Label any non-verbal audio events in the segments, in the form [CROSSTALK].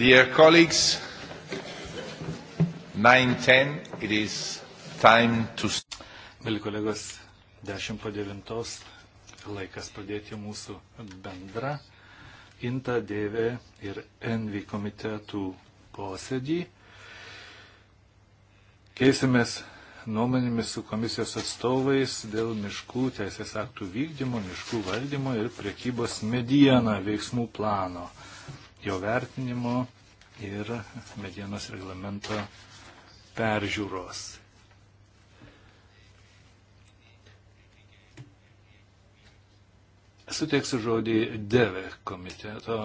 Dear colleagues, 9.10, it is time to... Mėly kolegos, 10 po 9 laikas pradėti mūsų bendrą INTA, DV ir ENVI komitetų posėdį. Keisimės nuomonėmis su komisijos atstovais dėl miškų teisės aktų vykdymo, miškų valdymo ir priekybos medieną veiksmų plano jo vertinimo ir medienos reglamento peržiūros. Suteiksiu žodį DEVE komiteto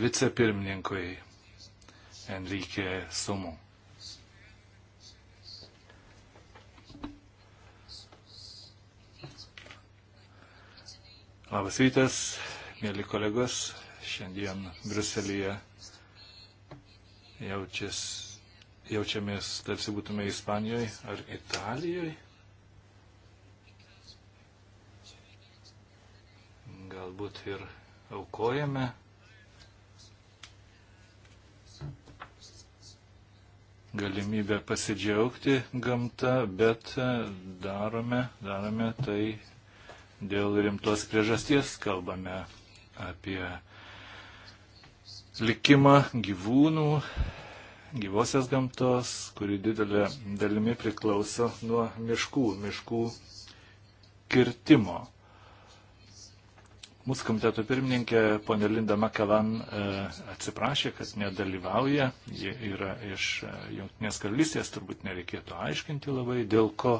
vicepirmininkui Enrique Sumu. Labas rytas, mėly kolegos, šiandien Bruselėje jaučias, jaučiamės, tarsi būtume Ispanijoje ar Italijoje. Galbūt ir aukojame. Galimybę pasidžiaugti gamta, bet e, darome, darome tai dėl rimtos priežasties kalbame apie likimą gyvūnų, gyvosios gamtos, kuri didelė dalimi priklauso nuo miškų, miškų kirtimo. Mūsų komiteto pirmininkė ponė Linda Makalan e, atsiprašė, kad nedalyvauja. Ji yra iš e, Junktinės karalystės, turbūt nereikėtų aiškinti labai, dėl ko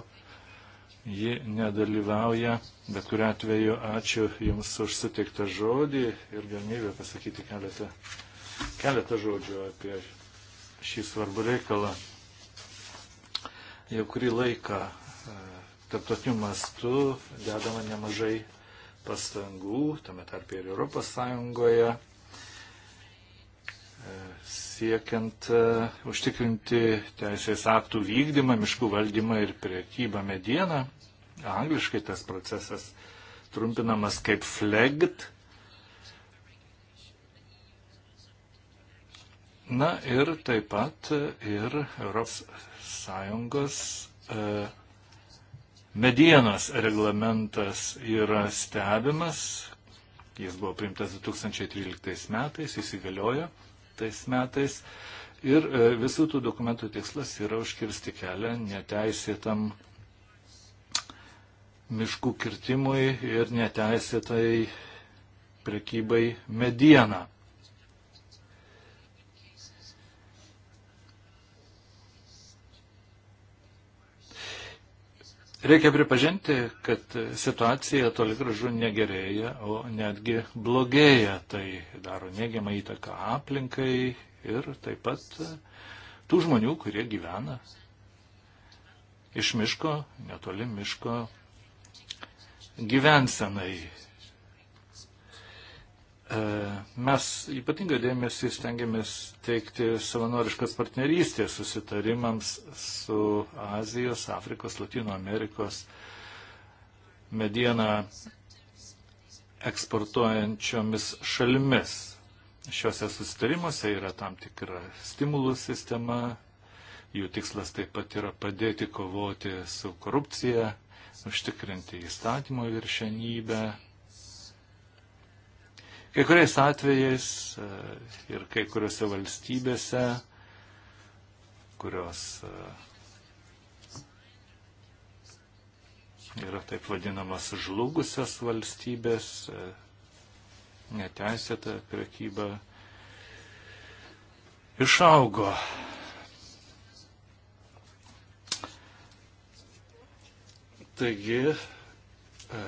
ji nedalyvauja, bet kuriu atveju ačiū Jums už sutiktą žodį ir galimybę pasakyti keletą, keletą žodžių apie šį svarbų reikalą. Jau kurį laiką e, tarptautiniu mastu dedama nemažai pastangų, tame tarp ir Europos Sąjungoje, siekiant e, užtikrinti teisės aktų vykdymą, miškų valdymą ir priekybą medieną. Angliškai tas procesas trumpinamas kaip flegt. Na ir taip pat ir ES e, medienos reglamentas yra stebimas. Jis buvo priimtas 2013 metais, įsigaliojo 2011 metais. Ir e, visų tų dokumentų tikslas yra užkirsti kelią neteisėtam miškų kirtimui ir neteisėtai prekybai medieną. Reikia pripažinti, kad situacija toli gražu negerėja, o netgi blogėja. Tai daro neigiamą įtaką aplinkai ir taip pat tų žmonių, kurie gyvena iš miško, netoli miško gyvensenai. E, mes ypatingą dėmesį stengiamės teikti savanoriškas partnerystės susitarimams su Azijos, Afrikos, Latino Amerikos medieną eksportuojančiomis šalimis. Šiuose susitarimuose yra tam tikra stimulų sistema, jų tikslas taip pat yra padėti kovoti su korupcija, užtikrinti įstatymo viršenybę Kai kuriais atvejais e, ir kai kuriuose valstybėse, kurios e, yra taip vadinamas žlugusias valstybės, e, neteisėta prekyba išaugo. Taigi, e,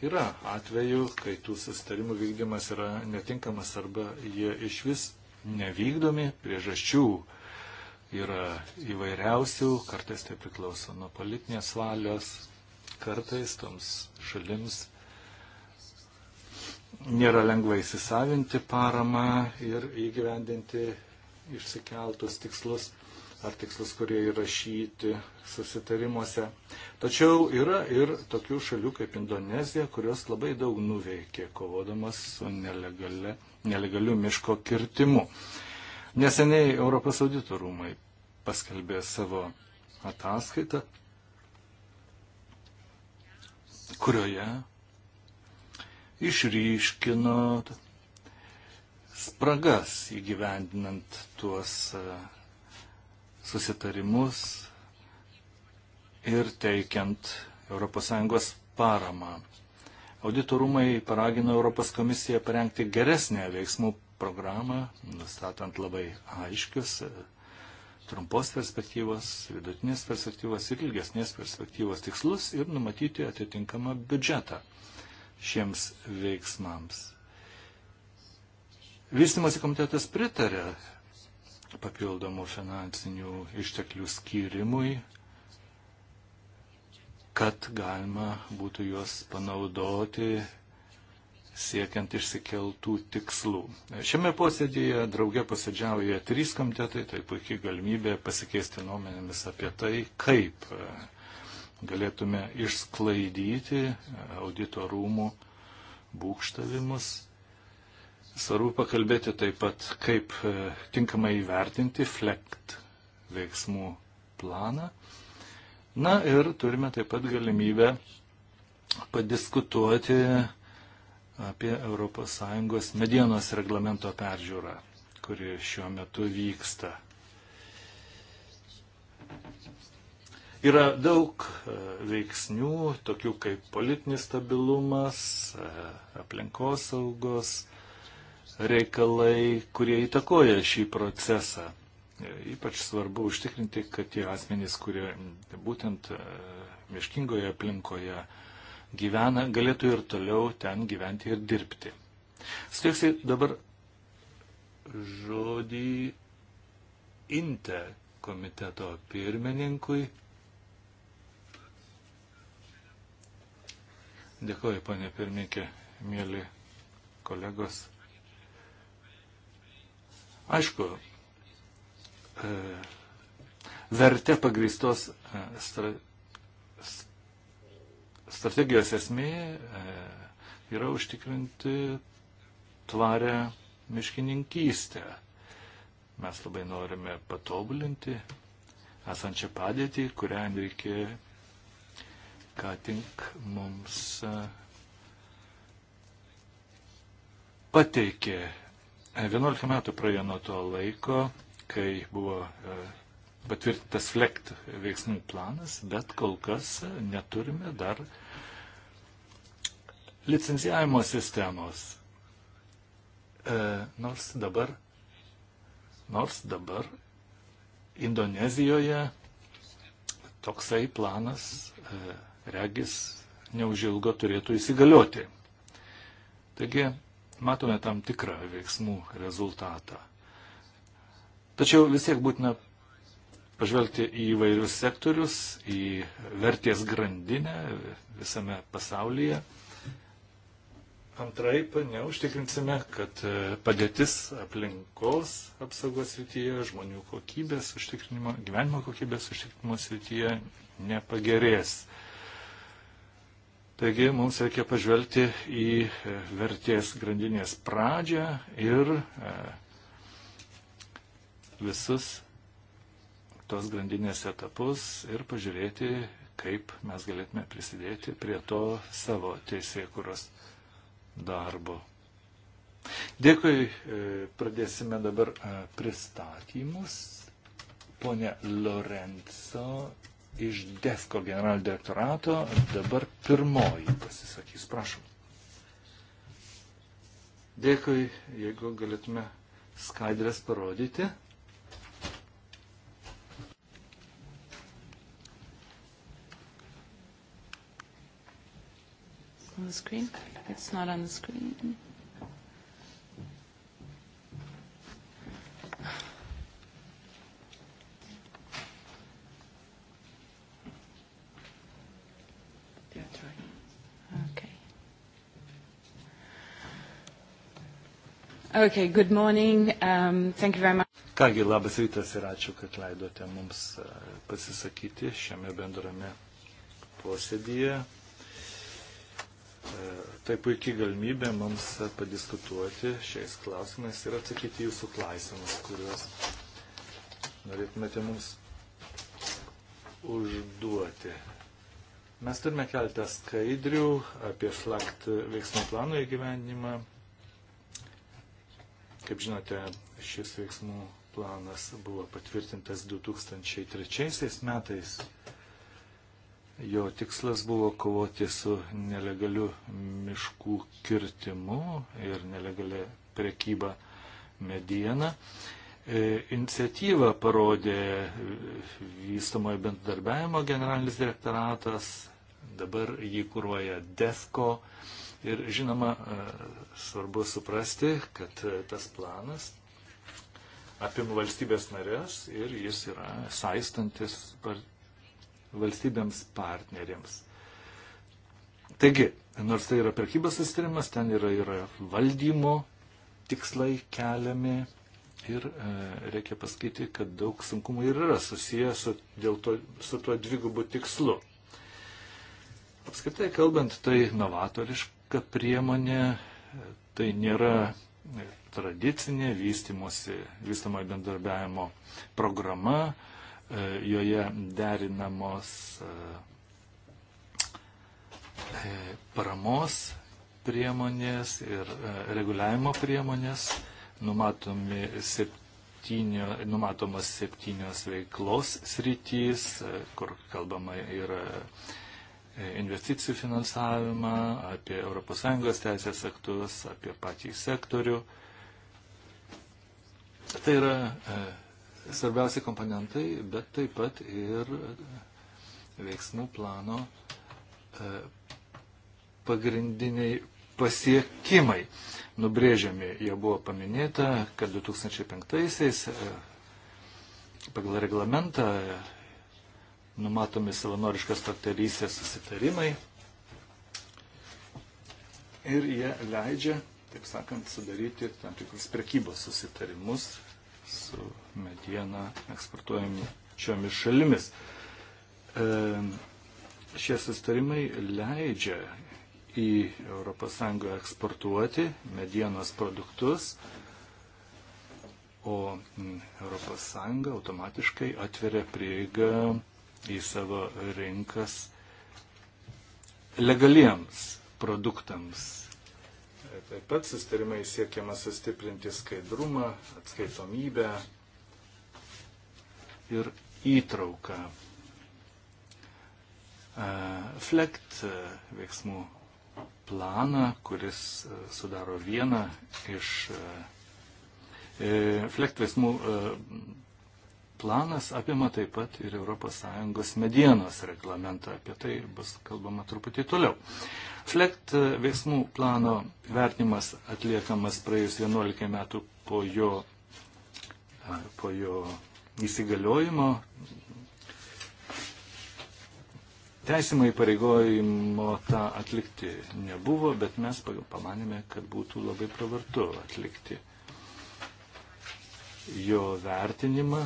Yra atveju, kai tų susitarimų vykdymas yra netinkamas arba jie iš vis nevykdomi, priežasčių yra įvairiausių, kartais tai priklauso nuo politinės valios, kartais toms šalims nėra lengva įsisavinti paramą ir įgyvendinti išsikeltus tikslus ar tikslus, kurie įrašyti susitarimuose. Tačiau yra ir tokių šalių kaip Indonezija, kurios labai daug nuveikė kovodamas su nelegale, nelegaliu miško kirtimu. Neseniai Europos audito rūmai paskelbė savo ataskaitą, kurioje išryškino spragas įgyvendinant tuos susitarimus ir teikiant ES paramą. Auditorumai paragino Europos komisiją parengti geresnę veiksmų programą, nustatant labai aiškius e, trumpos perspektyvos, vidutinės perspektyvos ir ilgesnės perspektyvos tikslus ir numatyti atitinkamą biudžetą šiems veiksmams. Vystimosi komitetas pritarė papildomų finansinių išteklių skyrimui, kad galima būtų juos panaudoti siekiant išsikeltų tikslų. Šiame posėdėje drauge posėdžiauja trys komitetai, tai puikiai galimybė pasikeisti nuomenėmis apie tai, kaip e, galėtume išsklaidyti e, auditorumų būkštavimus Svarbu pakalbėti taip pat, kaip e, tinkamai įvertinti flekt veiksmų planą. Na ir turime taip pat galimybę padiskutuoti apie ES medienos reglamento peržiūrą, kuri šiuo metu vyksta. Yra daug e, veiksnių, tokių kaip politinis stabilumas, e, aplinkosaugos, saugos reikalai, kurie įtakoja šį procesą. Ypač svarbu užtikrinti, kad tie asmenys, kurie būtent e, miškingoje aplinkoje gyvena, galėtų ir toliau ten gyventi ir dirbti. Steiksiu dabar žodį Inte komiteto pirmininkui. Dėkuoju, ponė pirmininkė, mėly kolegos. Aišku, e, verte pagristos e, stra, strategijos esmė e, yra užtikrinti tvarę miškininkystę. Mes labai norime patobulinti esančią padėtį, kurią reikia ką tik mums pateikė 11 e, metų praėjo nuo to laiko, kai buvo e, patvirtintas FLECT veiksmų planas, bet kol kas neturime dar licencijavimo sistemos. E, nors dabar, nors dabar Indonezijoje toksai planas regis neužilgo turėtų įsigalioti. Taigi matome tam tikrą veiksmų rezultatą. Tačiau vis tiek būtina pažvelgti į įvairius sektorius, į vertės grandinę visame pasaulyje. Antraip, neužtikrinsime, kad e, padėtis aplinkos apsaugos srityje, žmonių kokybės užtikrinimo, gyvenimo kokybės užtikrinimo srityje nepagerės. Taigi mums reikia pažvelgti į e, vertės grandinės pradžią ir e, visus tos grandinės etapus ir pažiūrėti, kaip mes galėtume prisidėti prie to savo teisėkuros darbo. Dėkui, e, pradėsime dabar pristatymus. Pone Lorenzo iš DEFCO generalinio direktorato. Dabar pirmoji pasisakys, prašom. Dėkui, jeigu galėtume skaidrės parodyti. On the screen? It's not on the screen. Okay, good morning. Um, thank you very much. Kągi, labas rytas ir ačiū, kad leidote mums e, pasisakyti šiame bendrame posėdyje. E, tai puikiai galimybė mums padiskutuoti šiais klausimais ir atsakyti jūsų klausimus, kuriuos norėtumėte mums užduoti. Mes turime keltą skaidrių apie flakt veiksmų plano įgyvendinimą Kaip žinote, šis veiksmų planas buvo patvirtintas 2003 metais. Jo tikslas buvo kovoti su nelegaliu miškų kirtimu ir nelegalia prekyba mediena. E, iniciatyvą parodė vystamojo bendradarbiavimo generalinis direktoratas, dabar jį kūruoja DEFCO, Ir žinoma, e, svarbu suprasti, kad e, tas planas apima valstybės narės ir jis yra saistantis par... valstybėms partneriams. Taigi, nors tai yra prekybos sustarimas, ten yra, yra valdymo tikslai keliami ir e, reikia pasakyti, kad daug sunkumų ir yra susiję su, to, su tuo dvigubu tikslu. Apskritai kalbant, tai novatoriška savotiška priemonė, tai nėra tradicinė vystimosi, vystamojo bendarbiavimo programa, e, joje derinamos e, e, paramos priemonės ir reguliavimo priemonės, numatomi septynio, numatomas septynios veiklos sritys, kur kalbama yra E, investicijų finansavimą, apie ES teisės aktus, apie patį sektorių. Tai yra e, svarbiausi komponentai, bet taip pat ir veiksmų plano e, pagrindiniai pasiekimai. Nubrėžiami, jie buvo paminėta, kad 2005-aisiais pagal reglamentą numatomi savanoriškas partnerystės susitarimai ir jie leidžia, taip sakant, sudaryti tam tikrus prekybos susitarimus su mediena eksportuojami šiomis šalimis. E, šie susitarimai leidžia į ES eksportuoti medienos produktus, o ES automatiškai atveria prieigą į savo rinkas legaliems produktams. Taip pat sustarimai siekiama sustiprinti skaidrumą, atskaitomybę ir įtrauką. Flekt veiksmų planą, kuris sudaro vieną iš e, Flekt veiksmų e, planas apima taip pat ir ES medienos reglamentą. Apie tai bus kalbama truputį toliau. FLECT veiksmų plano vertinimas atliekamas praėjus 11 metų po jo, po jo įsigaliojimo. Teisimo įpareigojimo tą atlikti nebuvo, bet mes pamanėme, kad būtų labai pravartu atlikti jo vertinimą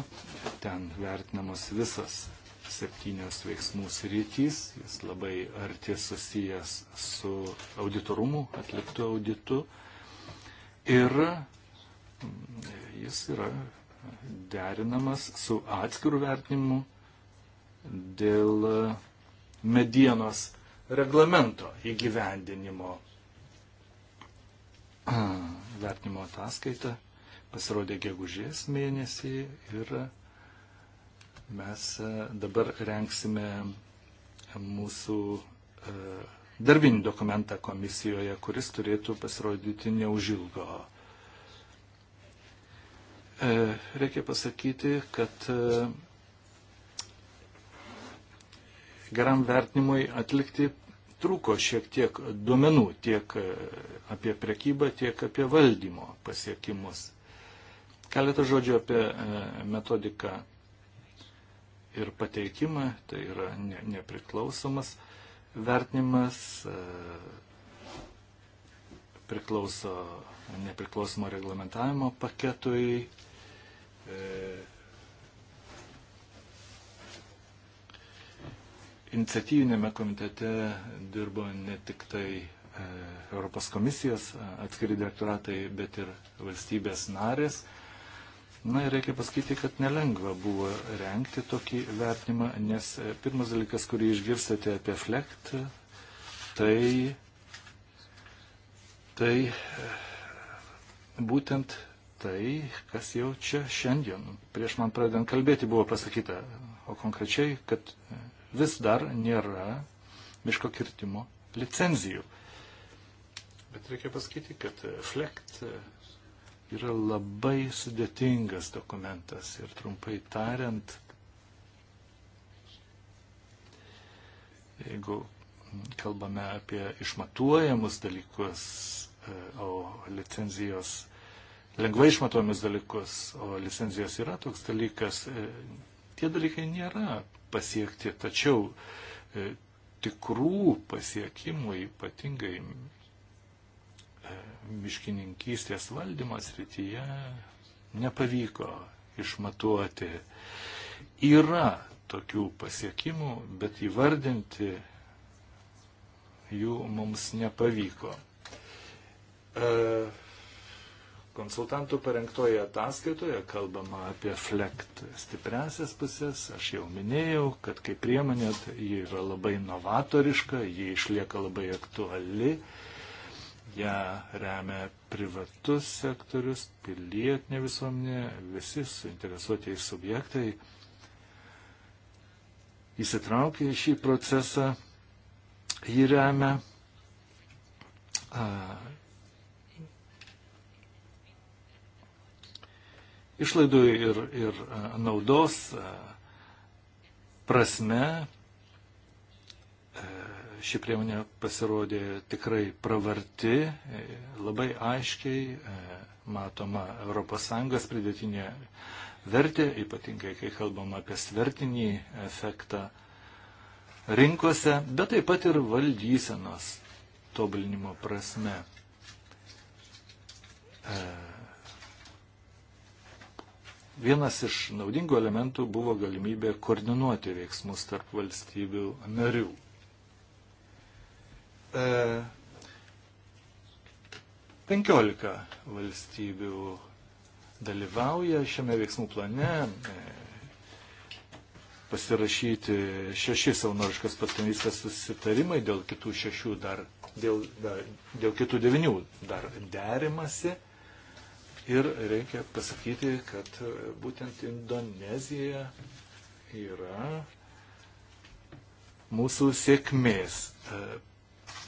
Ten vertinamos visas septynios veiksmų sritys, jis labai arti susijęs su auditorumu, atliktu auditu. Ir mm, jis yra derinamas su atskirų vertinimu dėl medienos reglamento įgyvendinimo. [CLEARS THROAT] Vertinimo ataskaita pasirodė gegužės mėnesį ir Mes e, dabar renksime mūsų e, darbinį dokumentą komisijoje, kuris turėtų pasirodyti neužilgo. E, reikia pasakyti, kad geram vertinimui atlikti trūko šiek tiek duomenų tiek apie prekybą, tiek apie valdymo pasiekimus. Keletą žodžių apie metodiką ir pateikimą, tai yra ne, nepriklausomas vertinimas, e, priklauso nepriklausomo reglamentavimo paketui. E, Iniciatyvinėme komitete dirbo ne tik tai e, Europos komisijos atskiri direktoratai, bet ir valstybės narės. Na ir reikia pasakyti, kad nelengva buvo renkti tokį vertinimą, nes e, pirmas dalykas, kurį išgirstate apie flekt, tai, tai e, būtent tai, kas jau čia šiandien, prieš man pradedant kalbėti, buvo pasakyta, o konkrečiai, kad e, vis dar nėra miško kirtimo licenzijų. Bet reikia pasakyti, kad flekt yra labai sudėtingas dokumentas ir trumpai tariant, jeigu kalbame apie išmatuojamus dalykus, e, o licenzijos, lengvai išmatuojamus dalykus, o licenzijos yra toks dalykas, e, tie dalykai nėra pasiekti, tačiau e, tikrų pasiekimų, ypatingai miškininkystės valdymas rytyje nepavyko išmatuoti. Yra tokių pasiekimų, bet įvardinti jų mums nepavyko. E, konsultantų parengtoje ataskaitoje kalbama apie flekt stipresias pusės. Aš jau minėjau, kad kaip priemonė tai ji yra labai novatoriška, ji išlieka labai aktuali. E, ją remia privatus sektorius, pilietinė visuomenė, visi suinteresuotieji subjektai įsitraukia į šį procesą, jį remia. Išlaidų ir, ir naudos prasme ši priemonė pasirodė tikrai pravarti, labai aiškiai matoma ES pridėtinė vertė, ypatingai kai kalbam apie svertinį efektą rinkose, bet taip pat ir valdysenos tobulinimo prasme. E, vienas iš naudingų elementų buvo galimybė koordinuoti veiksmus tarp valstybių narių. 15 e, valstybių dalyvauja šiame veiksmų plane e, pasirašyti šeši savanoriškas partnerystės susitarimai, dėl kitų šešių dar, dėl, dar, dėl kitų devinių dar derimasi. Ir reikia pasakyti, kad būtent Indonezija yra mūsų sėkmės e,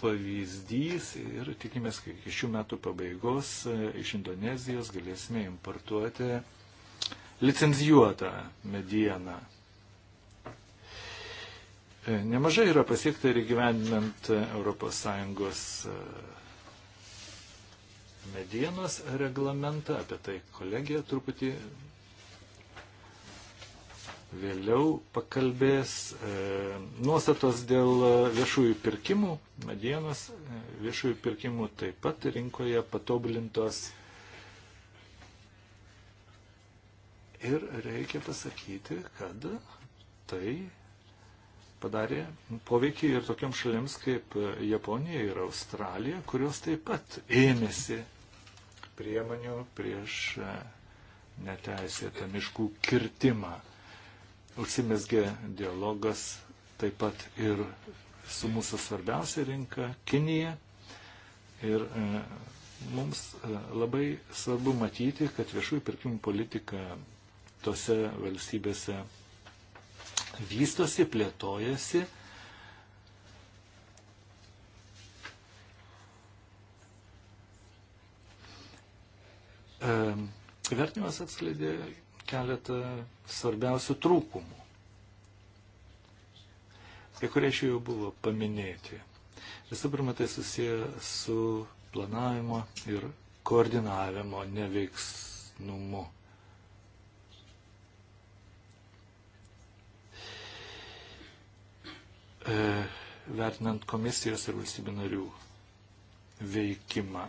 pavyzdys ir tikimės, kad iki šių metų pabaigos e, iš Indonezijos galėsime importuoti licenzijuotą medieną. E, nemažai yra pasiekta ir gyvendinant ES e, medienos reglamentą, apie tai kolegija truputį vėliau pakalbės e, nuostatos dėl viešųjų pirkimų, medienos e, viešųjų pirkimų taip pat rinkoje patobulintos. Ir reikia pasakyti, kad tai padarė poveikį ir tokiam šalims kaip Japonija ir Australija, kurios taip pat ėmėsi priemonių prieš e, neteisėtą miškų kirtimą užsimesgė dialogas taip pat ir su mūsų svarbiausia rinka Kinija. Ir e, mums e, labai svarbu matyti, kad viešųjų pirkimų politika tose valstybėse vystosi, plėtojasi. E, vertinimas atskleidė, keletą svarbiausių trūkumų. Kai kurie iš jų jau buvo paminėti. Visų pirma, tai susiję su planavimo ir koordinavimo neveiksnumu. E, vertinant komisijos ir valstybių narių veikimą.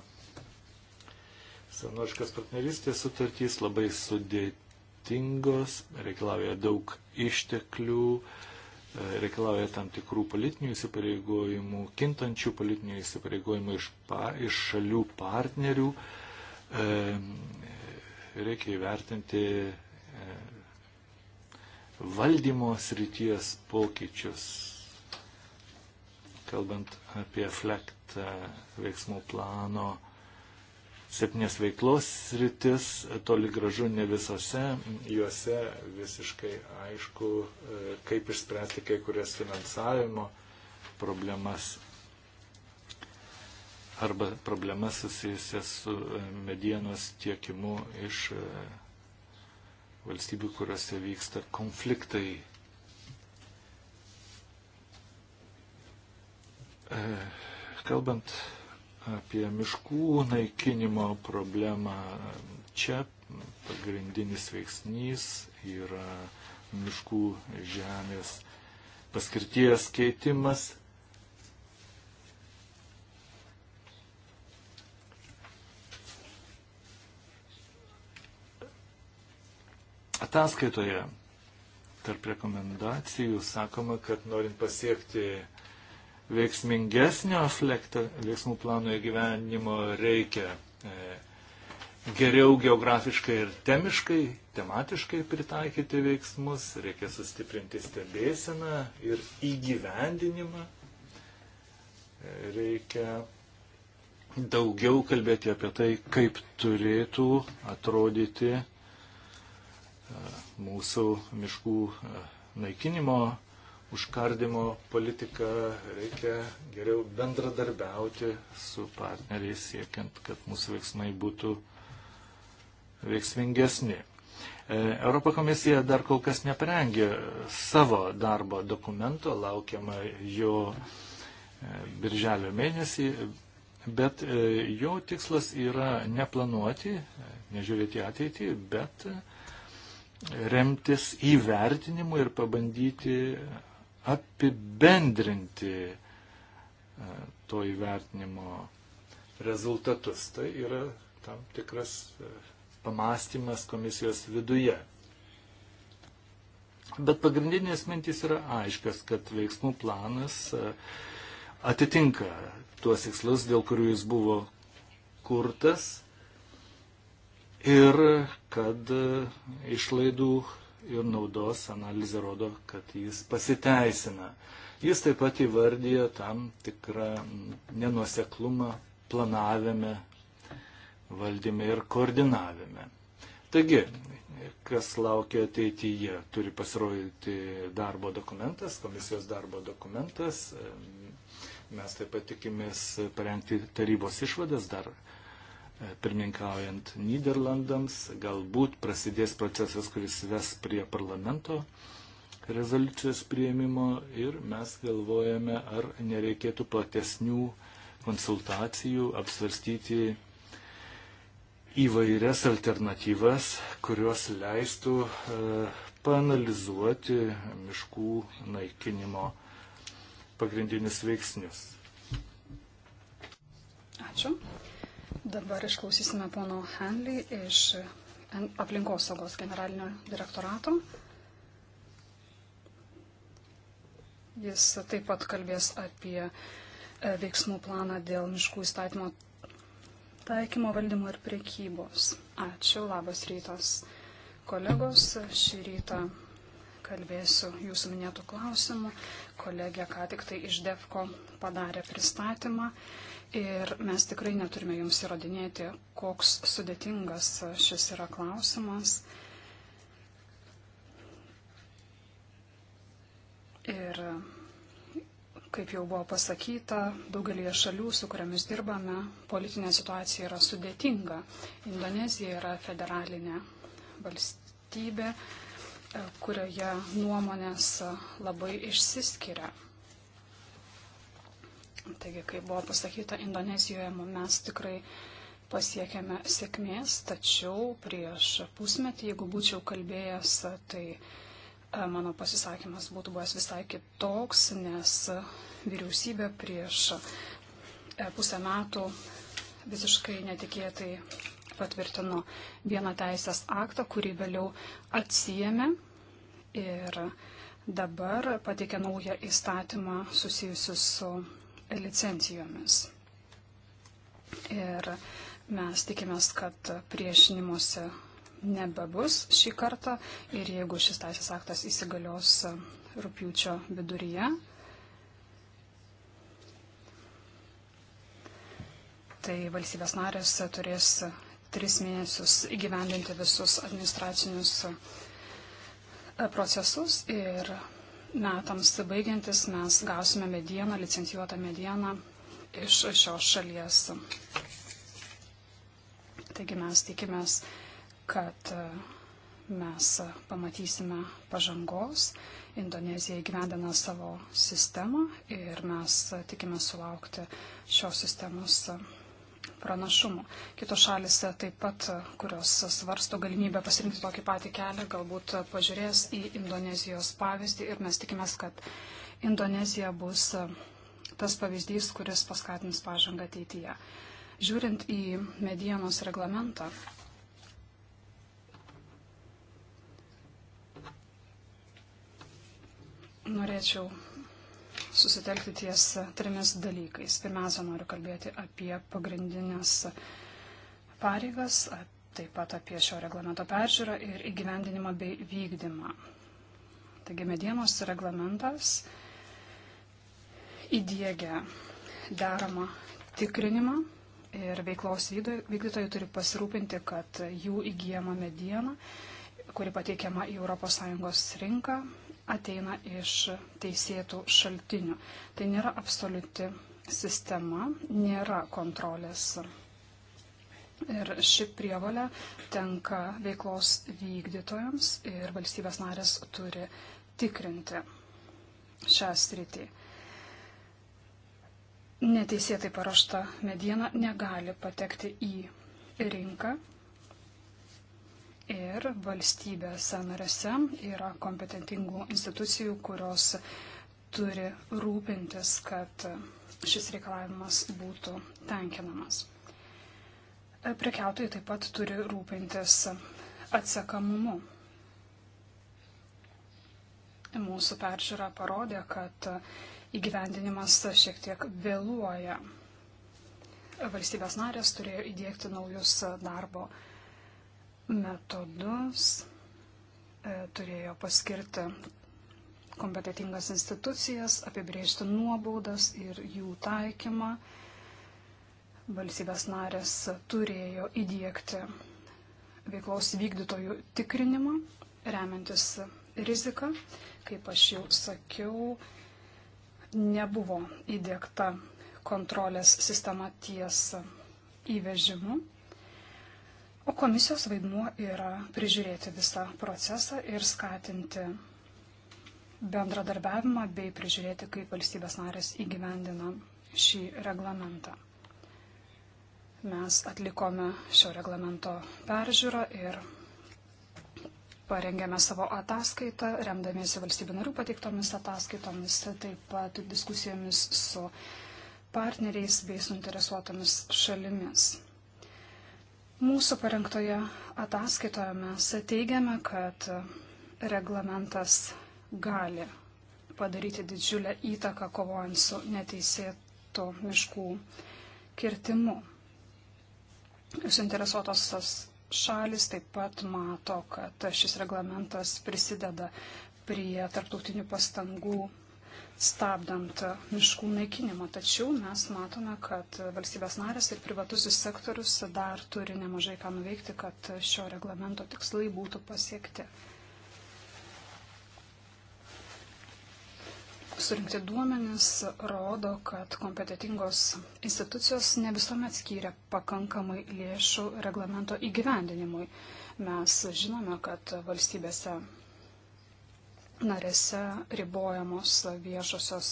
Senoriškas partnerystės sutartys labai sudėti sudėtingos, reikalauja daug išteklių, e, reikalauja tam tikrų politinių įsipareigojimų, kintančių politinių įsipareigojimų iš, pa, iš šalių partnerių. E, reikia įvertinti e, valdymo srities pokyčius. Kalbant apie FLECT veiksmų plano septynės veiklos sritis, toli gražu ne visose, juose visiškai aišku, e, kaip išspręsti kai kurias finansavimo problemas arba problemas susijusias su e, medienos tiekimu iš e, valstybių, kuriuose vyksta konfliktai. Kalbant apie miškų naikinimo problemą. Čia pagrindinis veiksnys yra miškų žemės paskirties keitimas. Ataskaitoje tarp rekomendacijų sakoma, kad norint pasiekti veiksmingesnio flekta veiksmų plano įgyvenimo reikia e, geriau geografiškai ir temiškai, tematiškai pritaikyti veiksmus, reikia sustiprinti stebėseną ir įgyvendinimą, e, reikia daugiau kalbėti apie tai, kaip turėtų atrodyti e, mūsų miškų naikinimo užkardimo politiką, reikia geriau bendradarbiauti su partneriais siekiant, kad mūsų veiksmai būtų veiksmingesni. E, Europos komisija dar kol kas neprengė savo darbo dokumento, laukiama jo e, birželio mėnesį, bet e, jo tikslas yra neplanuoti, nežiūrėti ateitį, bet remtis įvertinimu ir pabandyti apibendrinti e, to įvertinimo rezultatus. Tai yra tam tikras e, pamastymas komisijos viduje. Bet pagrindinės mintys yra aiškas, kad veiksmų planas e, atitinka tuos tikslus, dėl kurių jis buvo kurtas ir kad išlaidų ir naudos analizė rodo, kad jis pasiteisina. Jis taip pat įvardyja tam tikrą nenuoseklumą planavime, valdyme ir koordinavime. Taigi, kas laukia ateityje, turi pasirodyti darbo dokumentas, komisijos darbo dokumentas. Mes taip pat tikimės parengti tarybos išvadas dar pirmininkaujant Niderlandams. Galbūt prasidės procesas, kuris ves prie parlamento rezoliucijos prieimimo ir mes galvojame, ar nereikėtų platesnių konsultacijų apsvarstyti įvairias alternatyvas, kurios leistų e, panalizuoti miškų naikinimo pagrindinius veiksnius. Ačiū. Dabar išklausysime pono Henley iš aplinkos saugos generalinio direktorato. Jis taip pat kalbės apie e, veiksmų planą dėl miškų įstatymo taikymo valdymo ir priekybos. Ačiū, labas rytas kolegos. Šį rytą kalbėsiu jūsų minėtų klausimų. Kolegė ką tik tai iš DEFCO padarė pristatymą. Ir mes tikrai neturime jums įrodinėti, koks sudėtingas šis yra klausimas. Ir kaip jau buvo pasakyta, daugelie šalių, su kuriamis dirbame, politinė situacija yra sudėtinga. Indonezija yra federalinė valstybė, kurioje nuomonės labai išsiskiria. Taigi, kaip buvo pasakyta, Indonezijoje mes tikrai pasiekėme sėkmės, tačiau prieš pusmetį, jeigu būčiau kalbėjęs, tai e, mano pasisakymas būtų buvęs visai kitoks, nes vyriausybė prieš e, pusę metų visiškai netikėtai patvirtino vieną teisės aktą, kurį vėliau atsijėmė ir dabar pateikė naują įstatymą susijusiu su licencijomis. Ir mes tikimės, kad priešinimuose nebebus šį kartą ir jeigu šis teisės aktas įsigalios rūpjūčio viduryje, tai valstybės narės turės tris mėnesius įgyvendinti visus administracinius procesus ir metams baigiantis mes gausime medieną, licencijuotą medieną iš šios šalies. Taigi mes tikimės, kad e, mes pamatysime pažangos. Indonezija įgyvendina savo sistemą ir mes tikime sulaukti šios sistemos pranašumų. Kitos šalis taip pat, kurios svarsto galimybę pasirinkti tokį patį kelią, galbūt pažiūrės į Indonezijos pavyzdį ir mes tikimės, kad Indonezija bus e, tas pavyzdys, kuris paskatins pažangą ateityje. Žiūrint į medienos reglamentą, norėčiau susitelkti ties trimis dalykais. Pirmiausia, noriu kalbėti apie pagrindinės pareigas, taip pat apie šio reglamento peržiūrą ir įgyvendinimą bei vykdymą. Taigi medienos reglamentas įdiegia deramą tikrinimą ir veiklos vykdytojai turi pasirūpinti, kad jų įgyjama mediena, kuri pateikiama į ES rinką, ateina iš teisėtų šaltinių. Tai nėra absoliuti sistema, nėra kontrolės. Ir ši prievalė tenka veiklos vykdytojams ir valstybės narės turi tikrinti šią sritį. Neteisėtai parašta mediena negali patekti į rinką ir valstybės narėse yra kompetentingų institucijų, kurios turi rūpintis, kad šis reikalavimas būtų tenkinamas. Prekiautojai taip pat turi rūpintis atsekamumu. Mūsų peržiūra parodė, kad įgyvendinimas šiek tiek vėluoja. Valstybės narės turėjo įdėkti naujus darbo reikalavimus metodus e, turėjo paskirti kompetitingas institucijas, apibriežti nuobaudas ir jų taikymą. Valstybės narės turėjo įdėkti veiklos vykdytojų tikrinimą, remiantis riziką. Kaip aš jau sakiau, nebuvo įdėkta kontrolės sistema ties įvežimu O komisijos vaidmuo yra prižiūrėti visą procesą ir skatinti bendradarbiavimą bei prižiūrėti, kaip valstybės narės įgyvendina šį reglamentą. Mes atlikome šio reglamento peržiūrą ir parengėme savo ataskaitą, remdamiesi valstybių narių pateiktomis ataskaitomis, taip pat diskusijomis su partneriais bei suinteresuotomis šalimis. Mūsų parengtoje ataskaitoje mes teigiame, kad reglamentas gali padaryti didžiulę įtaką kovojant su neteisėtu miškų kirtimu. Suinteresuotosios šalis taip pat mato, kad šis reglamentas prisideda prie tarptautinių pastangų stabdant miškų naikinimą. Tačiau mes matome, kad valstybės narės ir privatusis sektorius dar turi nemažai ką nuveikti, kad šio reglamento tikslai būtų pasiekti. Surinkti duomenys rodo, kad kompetitingos institucijos ne visuomet skyrė pakankamai lėšų reglamento įgyvendinimui. Mes žinome, kad valstybėse narėse ribojamos viešosios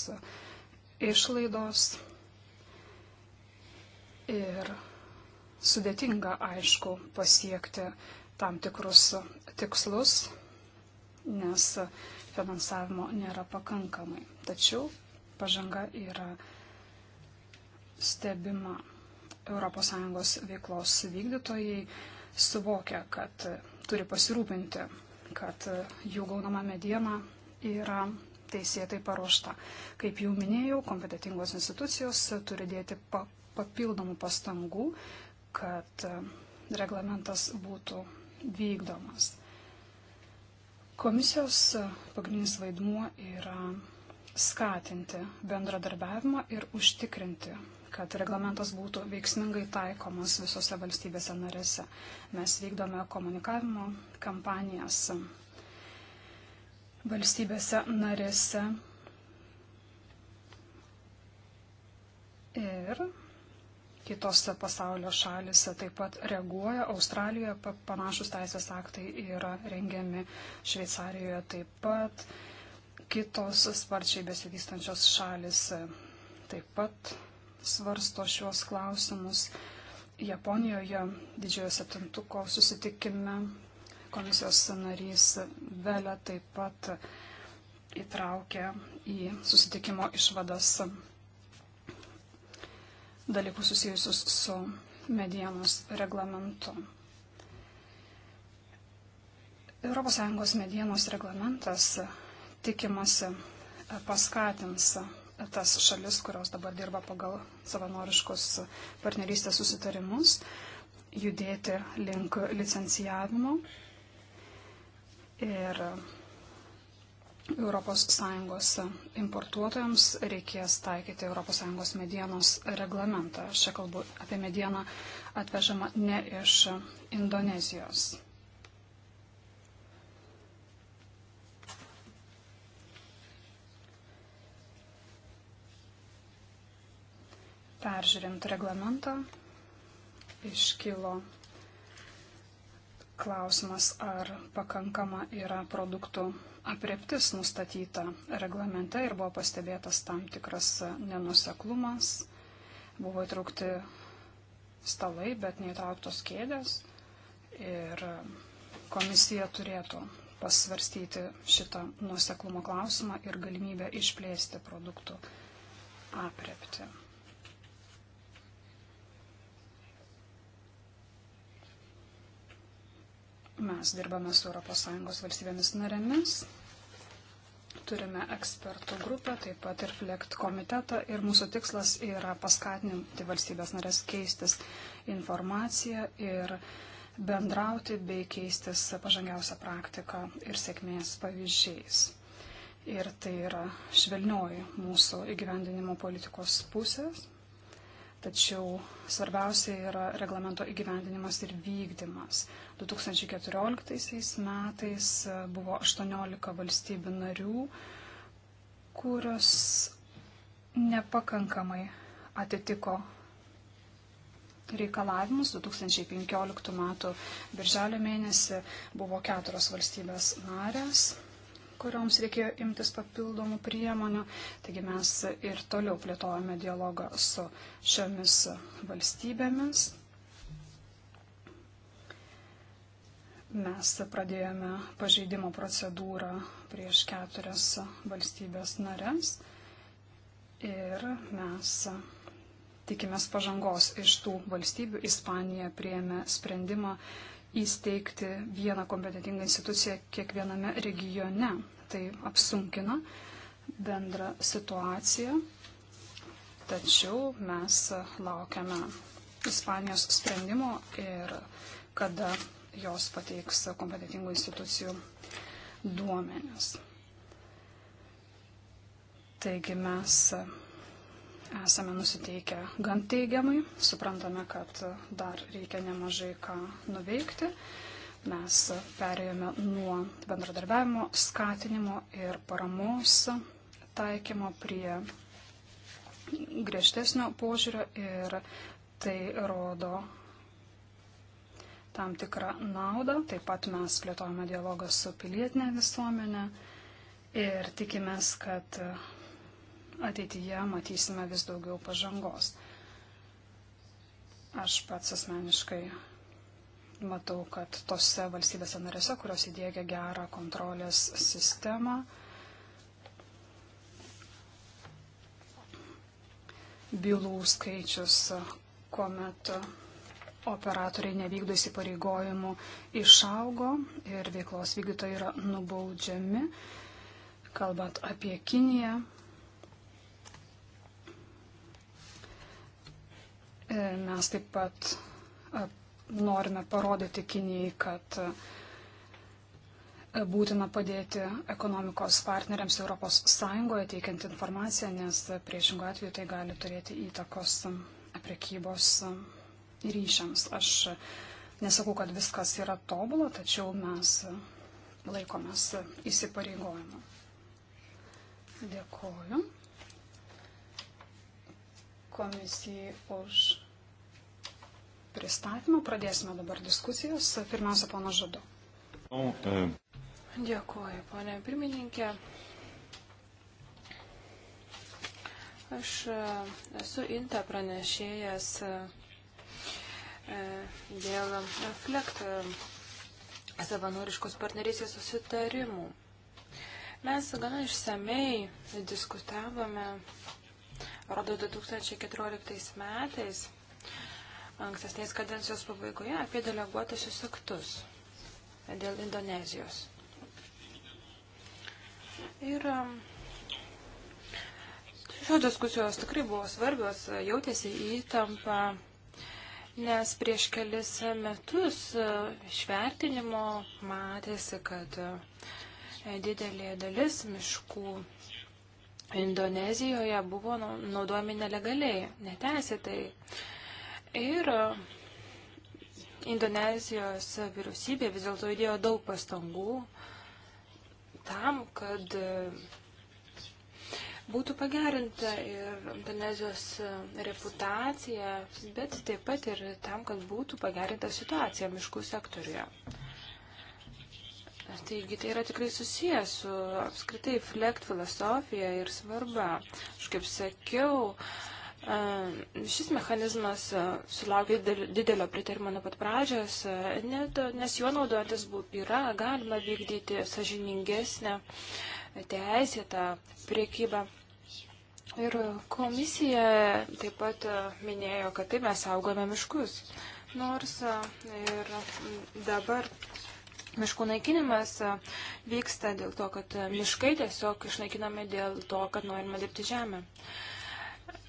išlaidos. Ir sudėtinga, aišku, pasiekti tam tikrus tikslus, nes finansavimo nėra pakankamai. Tačiau pažanga yra stebima. ES veiklos vykdytojai suvokia, kad turi pasirūpinti kad e, jų gaunama mediena yra teisėtai paruošta. Kaip jau minėjau, kompetitingos institucijos turi dėti papildomų pastangų, kad e, reglamentas būtų vykdomas. Komisijos e, pagrindinis vaidmuo yra skatinti bendradarbiavimą ir užtikrinti kad reglamentas būtų veiksmingai taikomas visose valstybėse narėse. Mes vykdome komunikavimo kampanijas valstybėse narėse. Ir kitos pasaulio šalis taip pat reaguoja. Australijoje panašus teisės aktai yra rengiami, Šveicarijoje taip pat. Kitos sparčiai besivystančios šalis taip pat svarsto šiuos klausimus. Japonijoje didžiojo septintuko susitikime komisijos narys Velė taip pat įtraukė į susitikimo išvadas dalykus susijusius su medienos reglamentu. ES medienos reglamentas tikimasi paskatins tas šalis, kurios dabar dirba pagal savanoriškus partnerystės susitarimus, judėti link licencijavimo. Ir ES importuotojams reikės taikyti ES medienos reglamentą. Aš čia kalbu apie medieną atvežamą ne iš Indonezijos. peržiūrint reglamentą iškilo klausimas, ar pakankama yra produktų apreptis nustatyta reglamente ir buvo pastebėtas tam tikras nenuseklumas, buvo įtraukti stalai, bet neįtrauktos kėdės ir komisija turėtų pasvarstyti šitą nuseklumo klausimą ir galimybę išplėsti produktų aprepti. Mes dirbame su ES valstybėmis narėmis, turime ekspertų grupę, taip pat ir FLECT komitetą ir mūsų tikslas yra paskatinti valstybės narės keistis informaciją ir bendrauti bei keistis pažangiausią praktiką ir sėkmės pavyzdžiais. Ir tai yra švelnioji mūsų įgyvendinimo politikos pusės, tačiau svarbiausia yra reglamento įgyvendinimas ir vykdymas. 2014 metais buvo 18 valstybių narių, kurios nepakankamai atitiko reikalavimus. 2015 metų birželio mėnesį buvo keturios valstybės narės kurioms reikėjo imtis papildomų priemonių. Taigi mes ir toliau plėtojame dialogą su šiomis valstybėmis. Mes pradėjome pažeidimo procedūrą prieš keturias valstybės narės ir mes tikimės pažangos iš tų valstybių. Ispanija prieėmė sprendimą įsteigti vieną kompetitingą instituciją kiekviename regione. Tai apsunkina bendrą situaciją, tačiau mes laukiame Ispanijos sprendimo ir kada jos pateiks kompetitingų institucijų duomenis. Taigi mes esame nusiteikę gan teigiamai, suprantame, kad dar reikia nemažai ką nuveikti. Mes perėjome nuo bendradarbiavimo, skatinimo ir paramos taikymo prie griežtesnio požiūrio ir tai rodo tam tikrą naudą. Taip pat mes plėtojame dialogą su pilietinė visuomenė ir tikimės, kad ateityje matysime vis daugiau pažangos. Aš pats asmeniškai matau, kad tose valstybėse narėse, kurios įdėgia gerą kontrolės sistemą, bylų skaičius, kuomet operatoriai nevykdo įsipareigojimų, išaugo ir veiklos vykdytojai yra nubaudžiami. Kalbant apie Kiniją, Mes taip pat norime parodyti Kinijai, kad būtina padėti ekonomikos partneriams ES teikiant informaciją, nes priešingų atveju tai gali turėti įtakos prekybos ryšiams. Aš nesakau, kad viskas yra tobula, tačiau mes laikomės įsipareigojimo. Dėkoju komisijai už pristatymo. Pradėsime dabar diskusijos. Pirmiausia, pana Žadu. Dėkuoju, ponė pirmininkė. Aš e, esu Inte pranešėjas e, e, dėl Flekt savanoriškos partnerystės susitarimų. Mes gana išsamei diskutavome, rodo 2014 metais, ankstesnės kadencijos pabaigoje apie deleguotusius aktus dėl Indonezijos. Ir um, šios diskusijos tikrai buvo svarbios, jautėsi įtampa, nes prieš kelis metus uh, švertinimo matėsi, kad uh, didelė dalis miškų Indonezijoje buvo naudojami nelegaliai, neteisėtai. tai Ir uh, Indonezijos vyriausybė vis dėlto įdėjo daug pastangų tam, kad uh, būtų pagerinta ir Indonezijos uh, reputacija, bet taip pat ir tam, kad būtų pagerinta situacija miškų sektoriuje. Taigi tai yra tikrai susijęs su apskritai flekt filosofija ir svarba. Aš kaip sakiau, uh, Šis mechanizmas e, sulaukė didelio pritarimo nuo pat pradžios, e, net, nes juo naudotis yra galima vykdyti sažiningesnę teisėtą priekybą. Ir komisija taip pat e, minėjo, kad taip mes saugome miškus. Nors ir dabar miškų naikinimas vyksta dėl to, kad miškai tiesiog išnaikinami dėl to, kad norime dirbti žemę.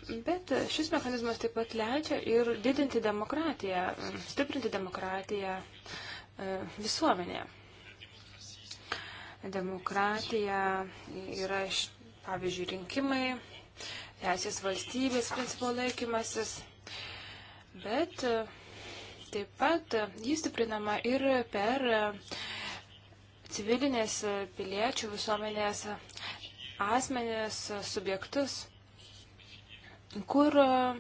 Bet šis mechanizmas taip pat leidžia ir didinti demokratiją, stiprinti demokratiją e, visuomenėje. Demokratija yra, pavyzdžiui, rinkimai, teisės valstybės principo laikymasis, bet e, taip pat jis stiprinama ir per e, civilinės piliečių visuomenės asmenės subjektus kur e,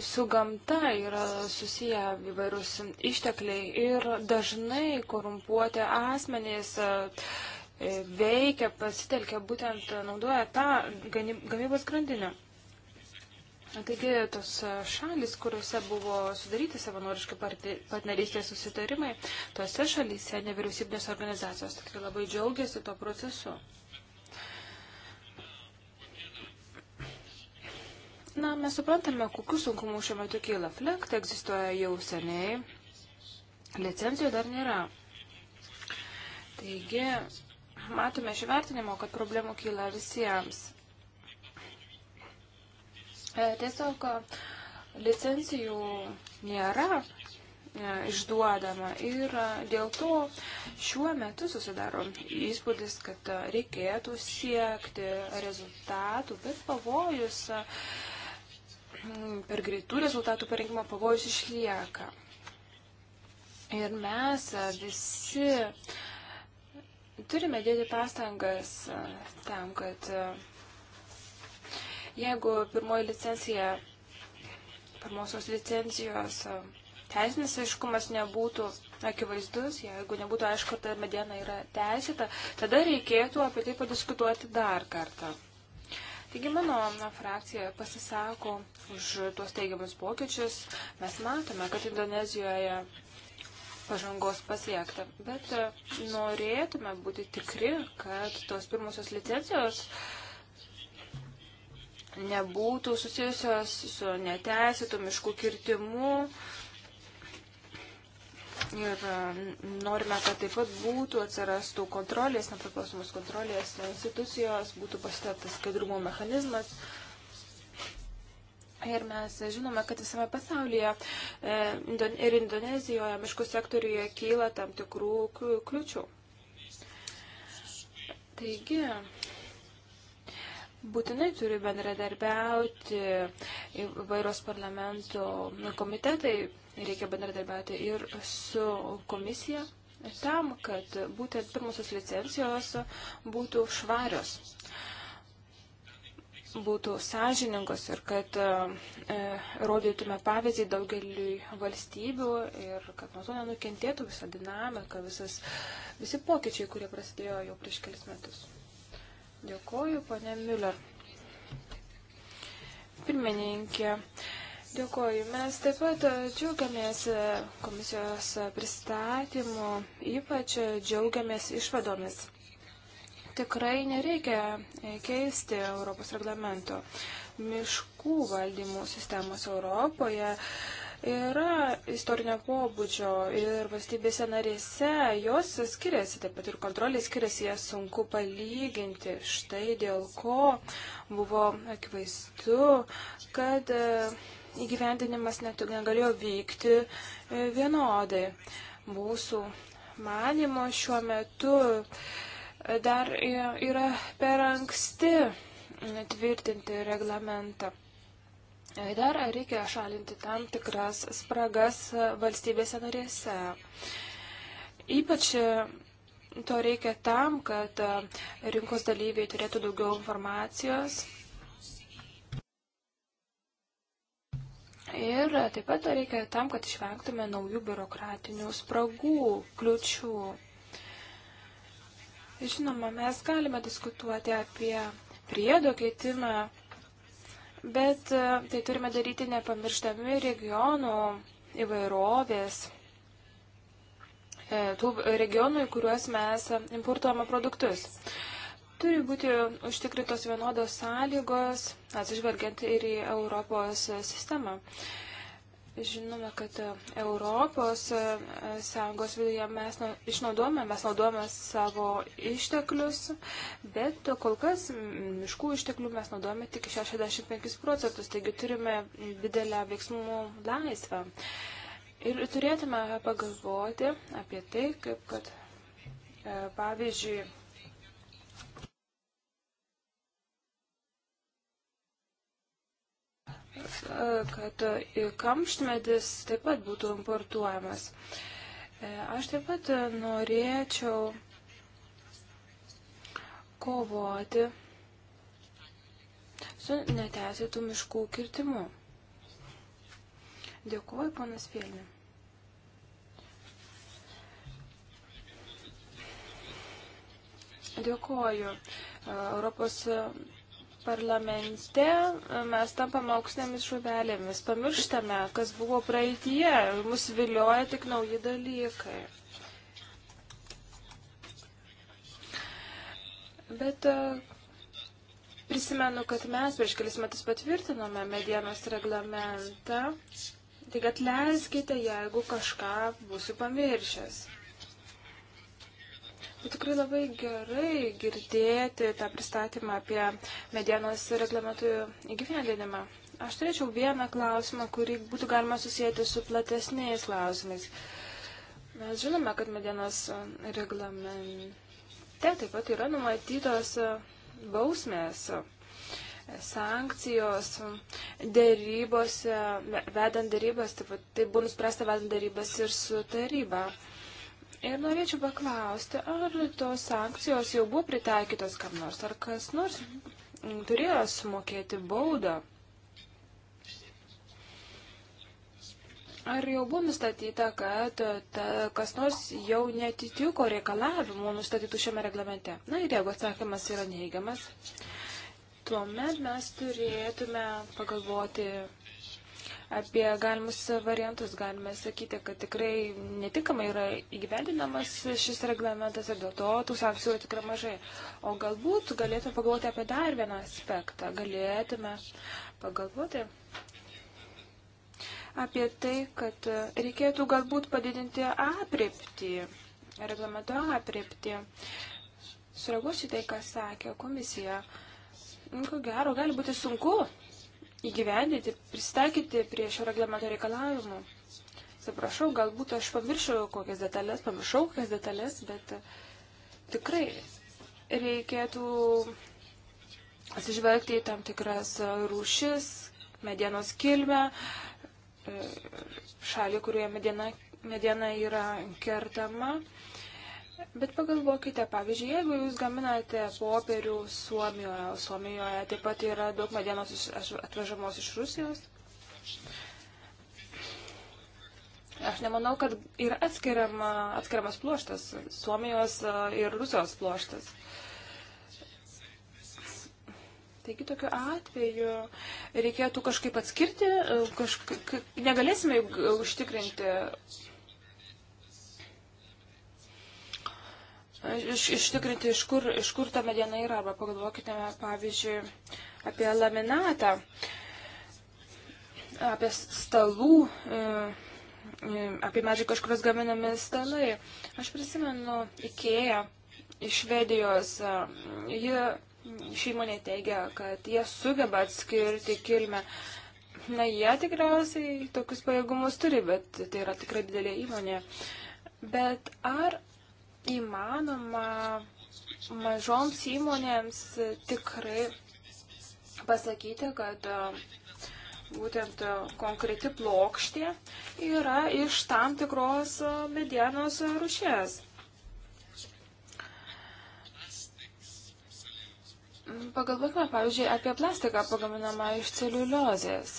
su gamta yra susiję įvairūs ištekliai ir dažnai korumpuoti asmenys e, veikia, pasitelkia būtent, e, naudoja tą gamybos grandinę. Taigi tos šalis, kuriuose buvo sudaryti savanoriški partnerystės susitarimai, tose šalyse nevyriausybinės organizacijos tikrai labai džiaugiasi to procesu. Na, mes suprantame, kokiu sunkumu šiuo metu kyla. Flekt tai egzistuoja jau seniai, licencijų dar nėra. Taigi, matome iš vertinimo, kad problemų kyla visiems. E, tiesiog e, licencijų nėra e, išduodama. Ir e, dėl to šiuo metu susidaro įspūdis, kad reikėtų siekti rezultatų, bet pavojus Mm, per greitų rezultatų parengimo pavojus išlieka. Ir mes visi turime dėti pastangas tam, kad jeigu pirmoji licencija, pirmosios licencijos teisinis aiškumas nebūtų akivaizdus, jeigu nebūtų aišku, kad mediena yra teisėta, tada reikėtų apie tai padiskutuoti dar kartą. Taigi mano frakcija pasisako už tuos teigiamus pokyčius. Mes matome, kad Indonezijoje pažangos pasiekta, bet e, norėtume būti tikri, kad tos pirmosios licencijos nebūtų susijusios su neteisėtu miškų kirtimu, Ir um, norime, kad taip pat būtų atsirastų kontrolės, nepriklausomos kontrolės institucijos, būtų pasitektas skaidrumo mechanizmas. Ir mes žinome, kad visame pasaulyje e, ir Indonezijoje miškų sektoriuje kyla tam tikrų kliučių. Taigi, būtinai turi bendradarbiauti įvairios parlamento komitetai, reikia bendradarbiauti ir su komisija tam, kad būtent pirmosios licencijos būtų švarios, būtų sąžiningos ir kad e, rodytume pavyzdį daugeliui valstybių ir kad nuo to nenukentėtų visa dinamika, visas, visi pokyčiai, kurie prasidėjo jau prieš kelis metus. Dėkoju, ponė Miller. Pirmininkė, dėkoju. Mes taip pat džiaugiamės komisijos pristatymu, ypač džiaugiamės išvadomis. Tikrai nereikia keisti Europos reglamento. Miškų valdymų sistemos Europoje yra istorinio pobūdžio ir valstybėse narėse jos skiriasi, taip pat ir kontrolė skiriasi, jas sunku palyginti. Štai dėl ko buvo akivaizdu, kad e, įgyvendinimas net negalėjo vykti e, vienodai. Mūsų manimo šiuo metu e, dar yra per anksti tvirtinti reglamentą. Dar reikia šalinti tam tikras spragas valstybėse narėse. Ypač e, to reikia tam, kad e, rinkos dalyviai turėtų daugiau informacijos Ir taip pat to reikia tam, kad išvengtume naujų biurokratinių spragų, kliučių. Žinoma, mes galime diskutuoti apie priedo keitimą, bet e, tai turime daryti nepamirštami regionų įvairovės, e, tų regionų, į kuriuos mes importuojame produktus. Turi būti užtikrintos vienodos sąlygos, atsižvelgiant ir į Europos sistemą. Žinome, kad e, Europos e, e, Sąjungos viduje mes išnaudojame, mes naudojame savo išteklius, bet kol kas miškų išteklių mes naudojame tik 65 procentus, taigi turime didelę veiksmų laisvę. Ir turėtume pagalvoti apie tai, kaip kad, pavyzdžiui, kad kamštmedis taip pat būtų importuojamas. E, aš taip pat norėčiau kovoti su neteisėtų miškų kirtimu. Dėkuoju, panas Vėlinė. Dėkuoju. Europos parlamente mes tampame auksinėmis žuvelėmis, pamirštame, kas buvo praeitie, mus vilioja tik nauji dalykai. Bet e, prisimenu, kad mes prieš kelis metus patvirtinome medienos reglamentą, tik atleiskite, jeigu kažką būsiu pamiršęs. Tikrai labai gerai girdėti tą pristatymą apie medienos reglamentų įgyvendinimą. Aš turėčiau vieną klausimą, kurį būtų galima susijęti su platesniais klausimais. Mes žinome, kad medienos reglamente taip pat yra numatytos bausmės, sankcijos, dėrybose, vedant dėrybas, taip pat tai buvo nuspręsta vedant dėrybas ir su taryba. Ir norėčiau paklausti, ar tos sankcijos jau buvo pritaikytos kam nors, ar kas nors turėjo sumokėti baudą? Ar jau buvo nustatyta, kad ta, kas nors jau netitiko reikalavimų nustatytų šiame reglamente? Na ir jeigu atsakymas yra neigiamas, tuomet mes turėtume pagalvoti apie galimus variantus. Galime sakyti, kad tikrai netinkamai yra įgyvendinamas šis reglamentas ir dėl to tų sankcijų tikrai mažai. O galbūt galėtume pagalvoti apie dar vieną aspektą. Galėtume pagalvoti apie tai, kad reikėtų galbūt padidinti apriepti, reglamento apriepti. Sureaguosiu tai, ką sakė komisija. Ko gero, gali būti sunku įgyvendyti, pristaikyti prie šio reglamento reikalavimų. Atsiprašau, galbūt aš pamiršau kokias detalės, pamiršau kokias detalės, bet e, tikrai reikėtų atsižvelgti į tam tikras rūšis, medienos kilmę, e, šalį, kurioje mediena, mediena yra kertama. Bet pagalvokite, pavyzdžiui, jeigu jūs gaminate popierių Suomijoje, o Suomijoje taip pat yra daug medienos iš, atvežamos iš Rusijos, aš nemanau, kad yra atskiriama, atskiriamas pluoštas, Suomijos e, ir Rusijos pluoštas. Taigi tokiu atveju reikėtų kažkaip atskirti, e, kažkaip, negalėsime užtikrinti iš, ištikrinti, iš kur, iš kur ta mediena yra. Arba pagalvokite, pavyzdžiui, apie laminatą, apie stalų, e, e, apie medžiagą, iš kurios gaminami stalai. Aš prisimenu Ikėją iš Švedijos. E, ji ši įmonė teigia, kad jie sugeba atskirti kilmę. Na, jie tikriausiai tokius pajėgumus turi, bet tai yra tikrai didelė įmonė. Bet ar įmanoma mažoms įmonėms tikrai pasakyti, kad e, būtent e, konkreti plokštė yra iš tam tikros e, medienos rušies. Pagalvokime, pavyzdžiui, apie plastiką pagaminamą iš celiuliozės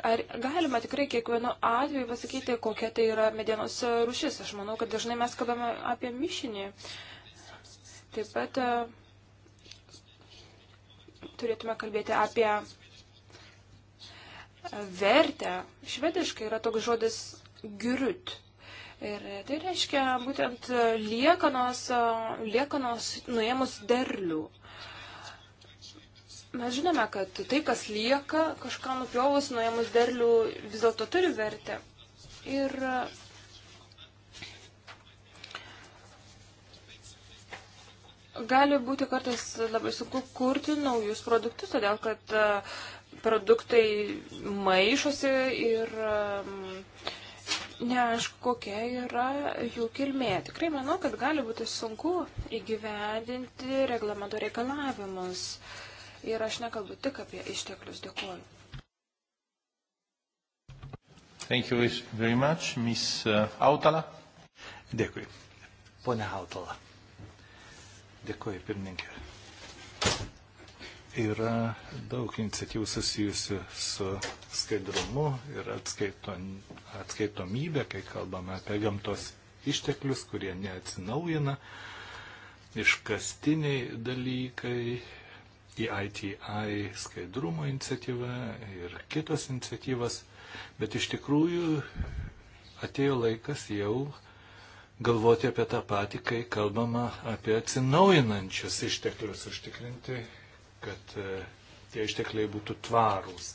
ar galima tikrai kiekvienu atveju pasakyti, kokia tai yra medienos rušis? Aš manau, kad dažnai mes kalbame apie mišinį. Taip pat e, turėtume kalbėti apie vertę. Švediškai yra toks žodis gyrit. Ir tai reiškia būtent liekanos, e, liekanos nuėmus derlių. Mes žinome, kad tai, kas lieka, kažką nupjovus, nuėmus derlių, vis dėlto turi vertę. Ir e, gali būti kartais labai sunku kurti naujus produktus, todėl kad e, produktai maišosi ir e, neaišku, kokia yra jų kilmė. Tikrai manau, kad gali būti sunku įgyvendinti reglamento reikalavimus. Uh, Ir aš nekalbu tik apie išteklius. Dėkuoju. Thank you very much, Miss uh, Autala. Dėkui. Pone Autala. Dėkui, pirmininkė. Yra daug iniciatyvų susijusių su skaidrumu ir atskaito, atskaitomybė, kai kalbame apie gamtos išteklius, kurie neatsinaujina, iškastiniai dalykai EITI skaidrumo iniciatyva ir kitos iniciatyvas, bet iš tikrųjų atėjo laikas jau galvoti apie tą patį, kai kalbama apie atsinaujinančius išteklius, užtikrinti, kad e, tie ištekliai būtų tvarūs.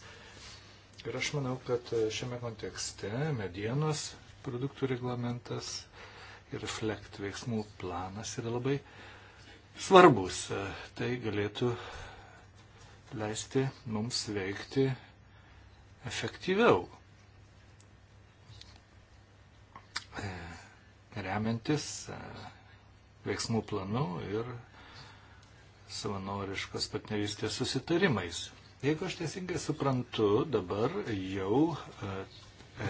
Ir aš manau, kad e, šiame kontekste medienos produktų reglamentas ir flekt veiksmų planas yra labai svarbus. E, tai galėtų leisti mums veikti efektyviau, e, remiantis e, veiksmų planu ir savanoriškos partnerystės susitarimais. Jeigu aš teisingai suprantu, dabar jau e,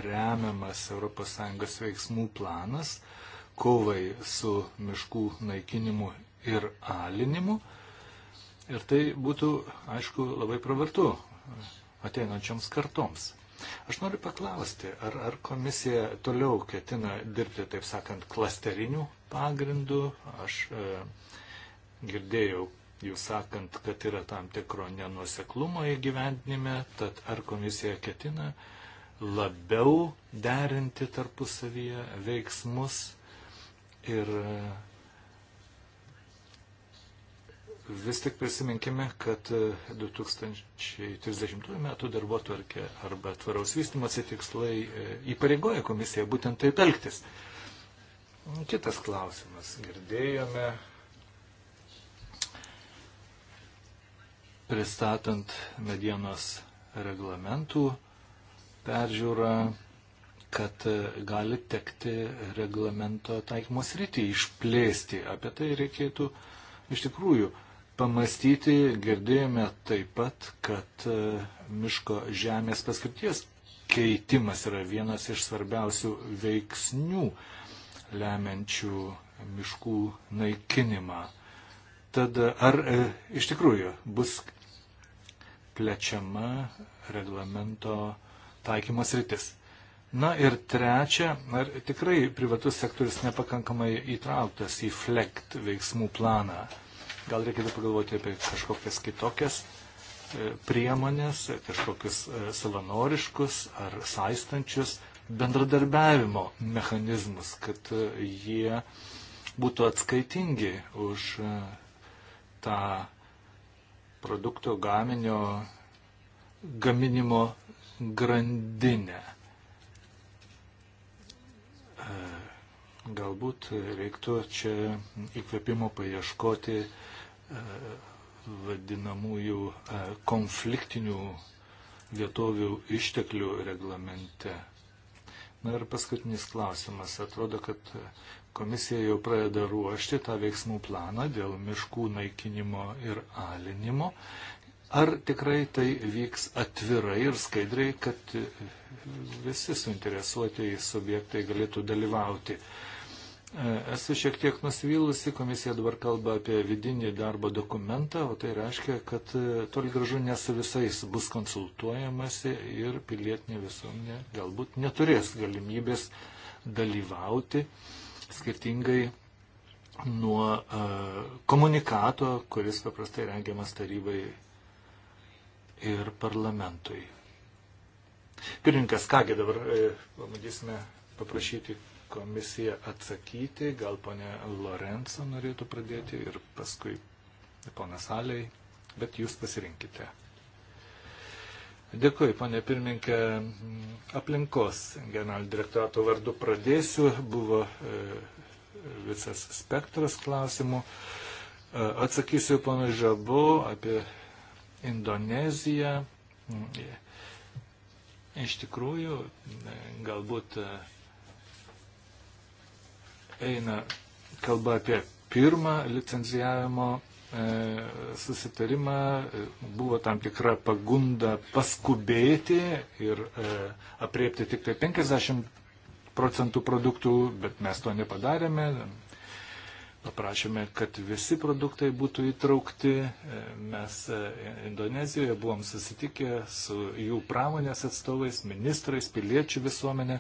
remiamas ES veiksmų planas kovai su miškų naikinimu ir alinimu, Ir tai būtų, aišku, labai pravartu ateinančioms kartoms. Aš noriu paklausti, ar, ar komisija toliau ketina dirbti, taip sakant, klasterinių pagrindų. Aš e, girdėjau jūs sakant, kad yra tam tikro nenuseklumo įgyvendinime, tad ar komisija ketina labiau derinti tarpusavyje veiksmus ir Vis tik prisiminkime, kad 2030 e, metų darbo tvarkė arba tvaraus vystimosi tikslai e, įpareigoja komisiją būtent taip elgtis. Kitas klausimas. Girdėjome pristatant medienos reglamentų peržiūrą, kad e, gali tekti reglamento taikymos rytį išplėsti. Apie tai reikėtų iš tikrųjų pamastyti. Girdėjome taip pat, kad e, miško žemės paskirties keitimas yra vienas iš svarbiausių veiksnių lemiančių miškų naikinimą. Tad ar e, iš tikrųjų bus plečiama reglamento taikymas rytis? Na ir trečia, ar tikrai privatus sektorius nepakankamai įtrauktas į FLECT veiksmų planą? Gal reikėtų pagalvoti apie kažkokias kitokias e, priemonės, kažkokius e, savanoriškus ar saistančius bendradarbiavimo mechanizmus, kad e, jie būtų atskaitingi už tą produkto gaminio gaminimo grandinę. Galbūt reiktų čia įkvėpimo paieškoti vadinamųjų e, konfliktinių vietovių išteklių reglamente. Na ir paskutinis klausimas. Atrodo, kad komisija jau pradeda ruošti tą veiksmų planą dėl miškų naikinimo ir alinimo. Ar tikrai tai vyks atvirai ir skaidriai, kad visi suinteresuotieji subjektai galėtų dalyvauti? E, esu šiek tiek nusivylusi, komisija dabar kalba apie vidinį darbo dokumentą, o tai reiškia, kad e, toli gražu ne su visais bus konsultuojamasi ir pilietinė visuomenė galbūt neturės galimybės dalyvauti skirtingai nuo uh, komunikato, kuris paprastai rengiamas tarybai ir parlamentui. Pirmininkas, kągi dabar e, pabandysime paprašyti komisiją atsakyti. Gal ponė Lorenzo norėtų pradėti ir paskui ponė Saliai, bet jūs pasirinkite. Dėkui, ponė pirmininkė, aplinkos generalinio direktorato vardu pradėsiu. Buvo e, visas spektras klausimų. E, atsakysiu ponui Žabu apie Indoneziją. E, iš tikrųjų, galbūt eina kalba apie pirmą licenzijavimo e, susitarimą, buvo tam tikra pagunda paskubėti ir e, apriepti tik tai 50 procentų produktų, bet mes to nepadarėme, paprašėme, kad visi produktai būtų įtraukti. E, mes e, Indonezijoje buvom susitikę su jų pramonės atstovais, ministrais, piliečių visuomenė.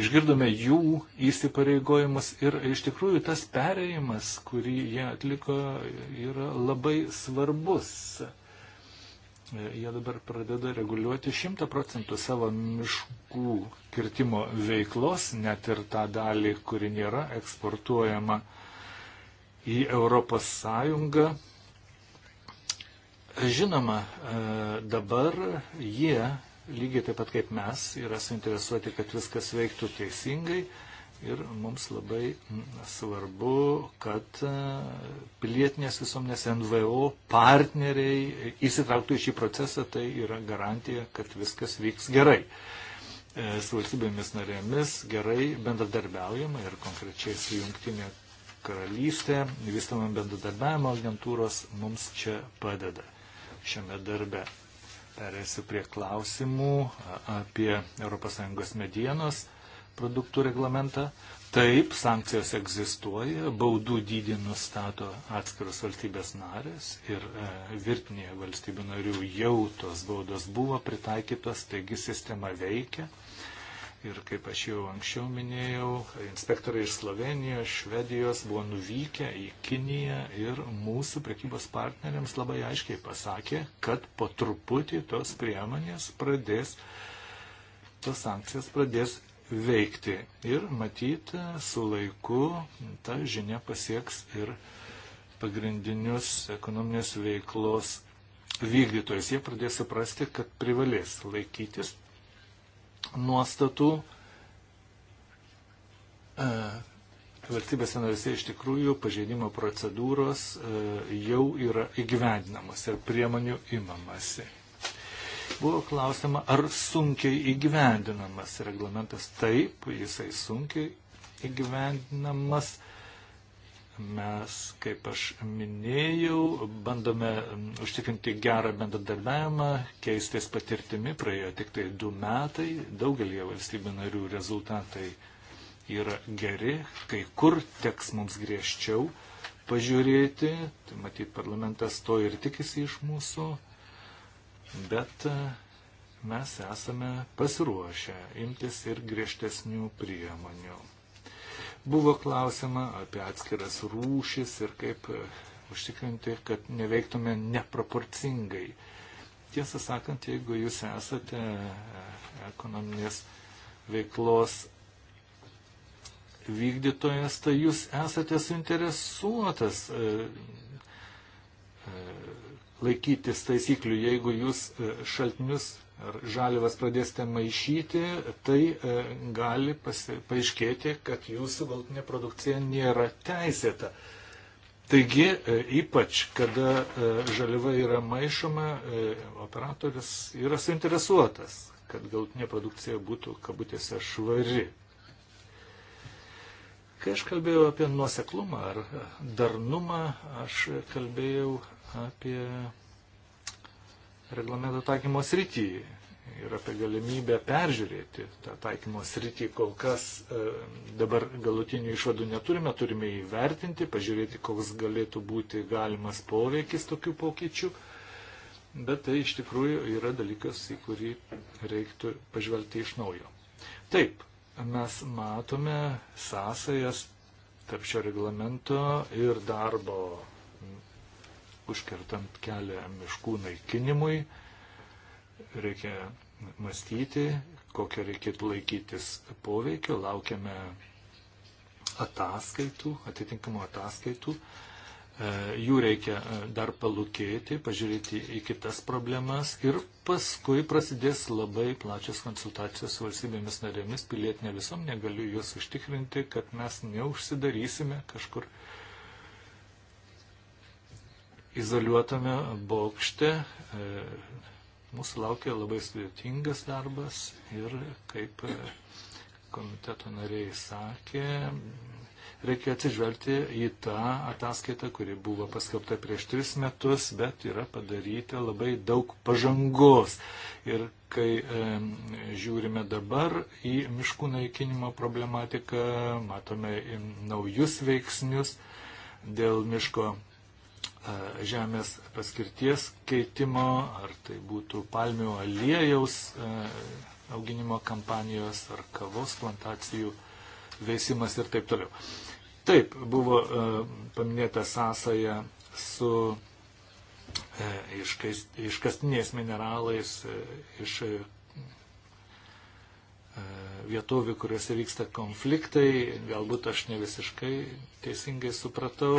Išgirdome jų įsipareigojimus ir iš tikrųjų tas perėjimas, kurį jie atliko, yra labai svarbus. E, jie dabar pradeda reguliuoti 100 procentų savo miškų kirtimo veiklos, net ir tą dalį, kuri nėra eksportuojama uh, į Europos Sąjungą. Žinoma, e, dabar jie, lygiai taip pat kaip mes, yra suinteresuoti, kad viskas veiktų teisingai ir mums labai svarbu, kad e, pilietinės visuomenės NVO partneriai įsitrauktų į šį procesą, tai yra garantija, kad viskas vyks gerai e, su valstybėmis narėmis gerai bendradarbiaujama ir konkrečiai su jungtinė karalystė, vystamą bendradarbiavimo agentūros mums čia padeda šiame darbe. Perėsiu prie klausimų apie ES medienos produktų reglamentą. Taip, sankcijos egzistuoja, baudų dydį nustato atskiros valstybės narės ir e, virtinėje valstybių narių jau tos baudos buvo pritaikytos, taigi sistema veikia. Ir kaip aš jau anksčiau minėjau, inspektoriai iš Slovenijos, Švedijos buvo nuvykę į Kiniją ir mūsų prekybos partneriams labai aiškiai pasakė, kad po truputį tos priemonės pradės, tos sankcijas pradės veikti. Ir matyt, su laiku ta žinia pasieks ir pagrindinius ekonominės veiklos vykdytojus. Jie pradės suprasti, kad privalės laikytis nuostatų. E, Valstybės narėse iš tikrųjų pažeidimo procedūros e, jau yra įgyvendinamos ir priemonių imamasi. Buvo klausima, ar sunkiai įgyvendinamas reglamentas. Taip, jisai sunkiai įgyvendinamas Mes, kaip aš minėjau, bandome užtikrinti gerą bendradarbiavimą, keistis patirtimi, praėjo tik tai du metai, daugelie valstybių narių rezultatai yra geri, kai kur teks mums griežčiau pažiūrėti, tai matyt, parlamentas to ir tikisi iš mūsų, bet e, mes esame pasiruošę imtis ir griežtesnių priemonių. Buvo klausima apie atskiras rūšis ir kaip e, užtikrinti, kad neveiktume neproporcingai. Tiesą sakant, jeigu jūs esate e, ekonominės veiklos vykdytojas, tai jūs esate suinteresuotas e, laikytis taisyklių, jeigu jūs šaltinius ar žalivas pradėsite maišyti, tai e, gali paaiškėti, kad jūsų galtinė produkcija nėra teisėta. Taigi, e, ypač, kada e, žaliva yra maišoma, operatorius yra suinteresuotas, kad galtinė produkcija būtų kabutėse švari. Kai aš kalbėjau apie nuoseklumą ar darnumą, aš kalbėjau apie reglamento taikymo srity ir apie galimybę peržiūrėti tą taikymo sritį. Kol kas e, dabar galutinių išvadų neturime, turime įvertinti, pažiūrėti, koks galėtų būti galimas poveikis tokių pokyčių. Bet tai iš tikrųjų yra dalykas, į kurį reiktų pažvelgti iš naujo. Taip, mes matome sąsajas tarp šio reglamento ir darbo užkertant kelią miškų naikinimui, reikia mąstyti, kokią reikėtų laikytis poveikio, laukiame ataskaitų, atitinkamų ataskaitų. E, jų reikia e, dar palūkėti, pažiūrėti į kitas problemas ir paskui prasidės labai plačias konsultacijos su valstybėmis narėmis, pilietinė visuomenė, galiu juos užtikrinti, kad mes neužsidarysime kažkur uh, izoliuotame bokšte e, mūsų laukia labai sudėtingas darbas ir kaip e, komiteto nariai sakė, reikia atsižvelgti į tą ataskaitą, kuri buvo paskelbta prieš tris metus, bet yra padaryta labai daug pažangos. Ir kai e, žiūrime dabar į miškų naikinimo problematiką, matome naujus veiksnius dėl miško E, žemės paskirties keitimo, ar tai būtų palmių aliejaus e, auginimo kampanijos, ar kavos plantacijų veisimas ir taip toliau. Taip, buvo e, paminėta sąsaja su iškastiniais mineralais iš vietovių, kuriuose vyksta konfliktai. Galbūt aš ne visiškai teisingai supratau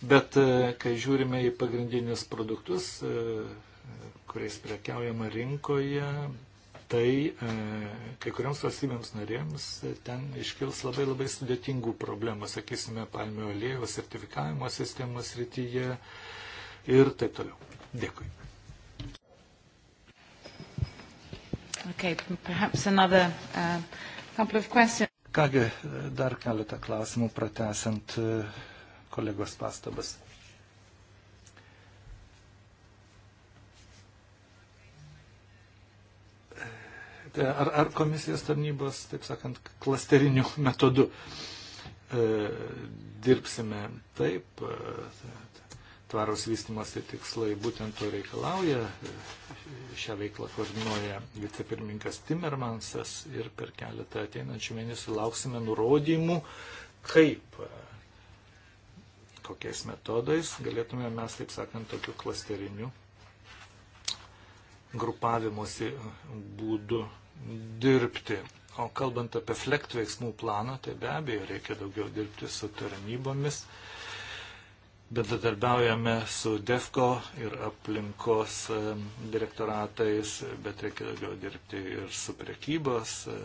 Bet e, kai žiūrime į pagrindinius produktus, e, kuriais prekiaujama rinkoje, tai e, kai kuriams valstybėms narėms ten iškils labai labai sudėtingų problemų, sakysime, palmių aliejų sertifikavimo sistemos rytyje ir taip toliau. Dėkui. Okay, perhaps another uh, couple of questions. Kągi, dar keletą klausimų pratesant uh, kolegos pastabas. Tai ar, ar komisijos tarnybos, taip sakant, klasteriniu [LAUGHS] metodu e, dirbsime taip, e, tvaros vystimas ir tikslai būtent to reikalauja. E, šią veiklą koordinuoja vicepirmininkas Timmermansas ir per keletą ateinančių mėnesių lauksime nurodymų, kaip e, kokiais metodais galėtume mes, taip sakant, tokiu klasteriniu grupavimuose būdu dirbti. O kalbant apie flekt veiksmų planą, tai be abejo reikia daugiau dirbti su tarnybomis. Bendradarbiaujame su DEFCO ir aplinkos e, direktoratais, bet reikia daugiau dirbti ir su prekybos e,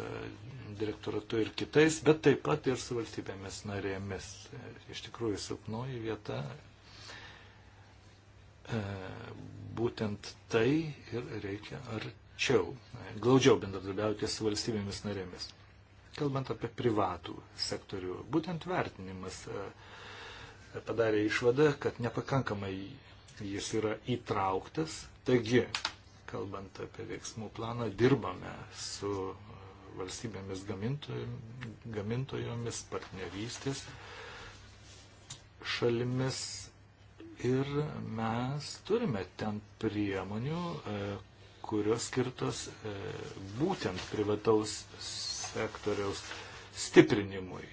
direktoratu ir kitais, bet taip pat ir su valstybėmis narėmis. Iš tikrųjų, silpnoji vieta e, būtent tai ir reikia arčiau, e, glaudžiau bendradarbiauti su valstybėmis narėmis. Kalbant apie privatų sektorių, būtent vertinimas e, padarė išvadą, kad nepakankamai jis yra įtrauktas. Taigi, kalbant apie veiksmų planą, dirbame su valstybėmis gamintojomis, partnerystės šalimis. Ir mes turime ten priemonių, e, kurios skirtos e, būtent privataus sektoriaus stiprinimui.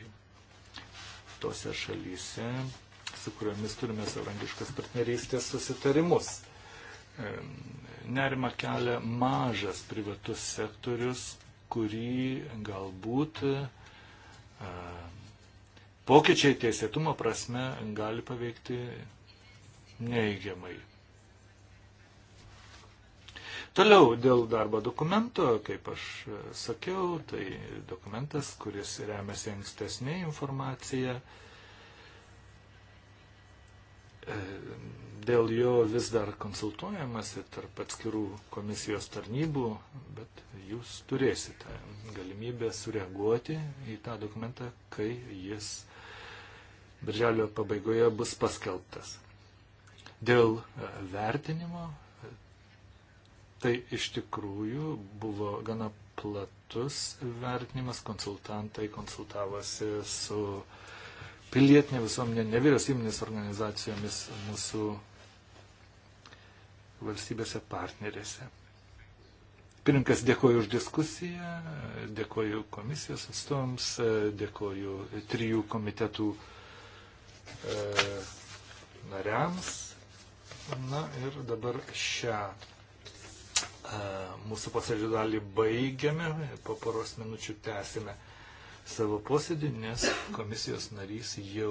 Tose šalyse, su kuriomis turime savarankiškas partnerystės susitarimus. E, nerima kelia mažas privatus sektorius, kurį galbūt e, pokyčiai teisėtumo prasme gali paveikti neįgiamai. Toliau dėl darbo dokumento, kaip aš e, sakiau, tai dokumentas, kuris remiasi ankstesnė informacija. E, dėl jo vis dar konsultuojamasi tarp atskirų komisijos tarnybų, bet jūs turėsite galimybę sureaguoti į tą dokumentą, kai jis birželio pabaigoje bus paskelbtas. Dėl e, vertinimo e, tai iš tikrųjų buvo gana platus vertinimas, konsultantai konsultavosi su pilietinė visuomenė, nevyriausybinės organizacijomis mūsų valstybėse partnerėse. Pirinkas dėkoju už diskusiją, dėkoju komisijos atstovams, dėkoju trijų komitetų e, nariams. Na ir dabar šią e, mūsų posėdžio dalį baigiame, po poros minučių tęsime savo posėdį, nes komisijos narys jau.